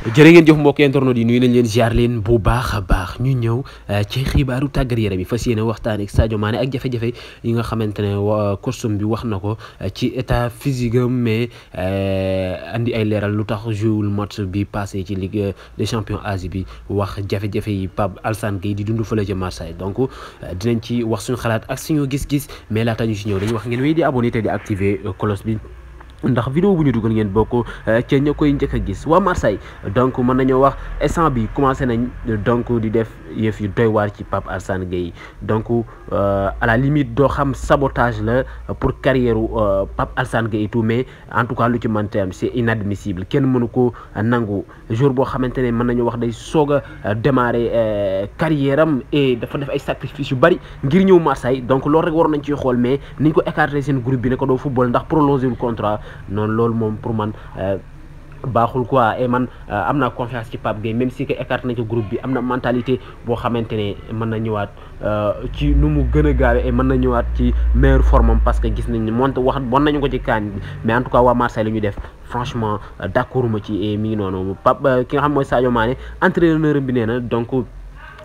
jërë ngeen jëf mbokk internet yi nuyu nañ leen ziar leen bu baax a baax ñu ñëw euh, ci xibaaru tàggat yaram yi fas yéene waxtaan ak Sadio Mané ak jafe-jafe yi nga xamante ne euh, costume bi wax na ko euh, ci état physique mais andi ay leeral lu tax joué match bi passé ci Ligue des champions Asie bi wax jafe-jafe yi Pape alsan Gueye di dund fële ca Marseille donc dinañ ci wax suñu xalaat ak suñu gis-gis mais laata ñu ci ñëw dañuy wax ngeen wéy di abonné te di activer cloche bi ndax vidéo bu ñu ngeen eh, gis Marseille donc mën nañu wax commencé donc def yëf yu doy ci Pape donc eh, à la limite doo xam sabotage la pour carrière eh, Pape Gueye mais en tout cas lu c'est inadmissible kenn mënu ko nangu jour boo xamante ne mën wax day soog a démarrer carrière am et dafa def ay sacrifices yu bari ngir ñëw Marseille donc loolu rek waroon nañ mais écarter seen groupe bi football ndax prolonger le contrat noonu loolu moom pour man euh, baaxul quoi et man euh, am naa confiance ci Pape Gueye même si que écarté na ci groupe bi am na mentalité boo xamante ne mën na ñëwaat euh, ci nu mu gën a gaawee et mën na ñëwaat ci meilleure forme am parce que gis nañ ne moonte wax bon nañu ko ci kaan bi mais en tout cas waa Marseille li ñu def franchement d'accord ma ci mi ngi noonu Pape ki nga xam mooy Sadio Mané entraîneur bi nee na donc.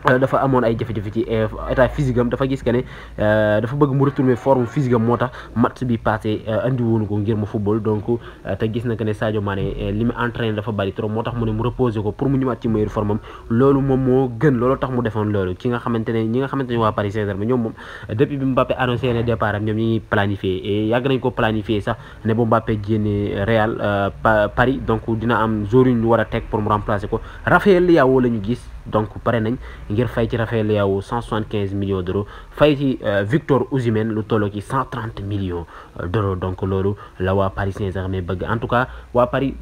Euh, dafa amone ay jafe-jafe ci euh, état physique am dafa gis que ne euh, dafa bëgg mu retourner forme physique motax match bi passé andi woonu ko ngir mo football donc ta gis na que né Sadio Mané li mu entraîné dafa bari trop motax mu né mu reposer ko pour mu ñëwaat ci meilleure forme lolu mom mo gën lolu tax mu defoon lolu ki nga xamantene ñi nga xamantene wa Paris Saint-Germain ñom mom depuis bi Mbappé annoncé né départ am ñoom ñi planifier planifié et yàgg nañ ko planifié sax né bu Mbappé génne Real Paris donc dina am joueur yu ñu pour mu remplacer ko Rafael Léao la ñu gis donc pare nañ ngir fay ci Raphaël Leao 175 millions d'euros fay ci euh, Victor Osimhen lu 130 millions euh, d'euros donc lolu la wa Paris Saint-Germain en tout cas wa Paris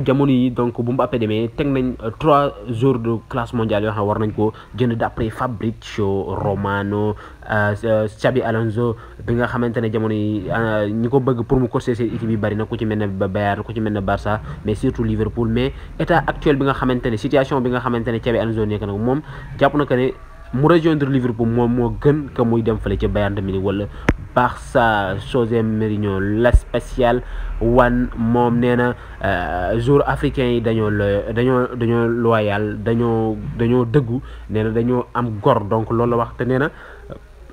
jamono yi donc bu Mbappé demee teg nañ euh, trois jours de classe mondiale yoo xam war nañ ko jënd d'après Fabrizio Romano euh, euh, Xabi Alonso bi nga xamante ne jamono yi ñi ko bëgg pour mu coacher seen équipe yi bari na ku ci mel ne Bayern ku ci mel ne Barça mais surtout Liverpool mais état actuel bi nga xamante ne situation bi nga xamante ne Xabi Alonso nekk na moom jàpp na que ne mu rejoindre Liverpool moom moo gën que muy dem fële ca mi Munich wala par sa José Mourinho la spéciale one moment euh, africain, jour jour d'ailleurs loyal de goût, de am donc l'on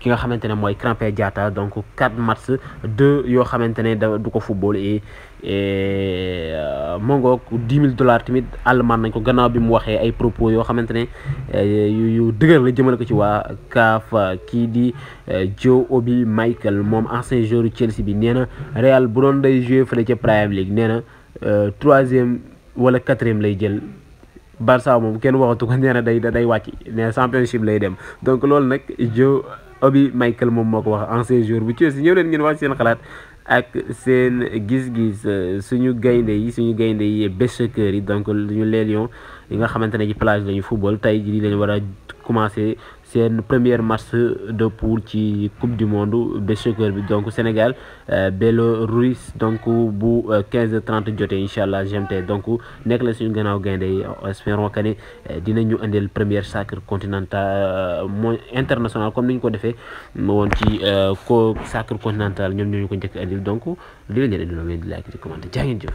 ki nga xamantene moy crampé jata donc 4 mars 2 yo xamantene du ko football et Mongo ngo 10000 dollars timit allemand nañ ko gannaaw bi mu waxé ay propos yo xamantene euh, yu yu deugal la jëmele ko ci wa kaf ki di euh, joe obi michael mom ancien joueur chelsea bi néna real bu doon day jouer fele ci prime league néna 3e euh, wala 4e lay jël barça mom kenn waxatu ko néna day day wàcc né championship lay dem donc loolu nag joe Obi Michael moom moo ko wax en ces jours bu ci si ñëw leen ngeen wax seen xalaat ak seen gis-gis euh, suñu gaynde yi suñu gaynde yi bêcheurs yi donc ñu les lions yi nga xamante ne ci plage lañu football tey jii lañu war a commencé c'est le première match de poule qui coupe du monde ba soccer donc Sénégal euh, donc bu 15 euh, 30 jotee Inch'Allah, j'aime donc nek la suñu espérons que euh, premier sacre continental international comme nous sacre continental donc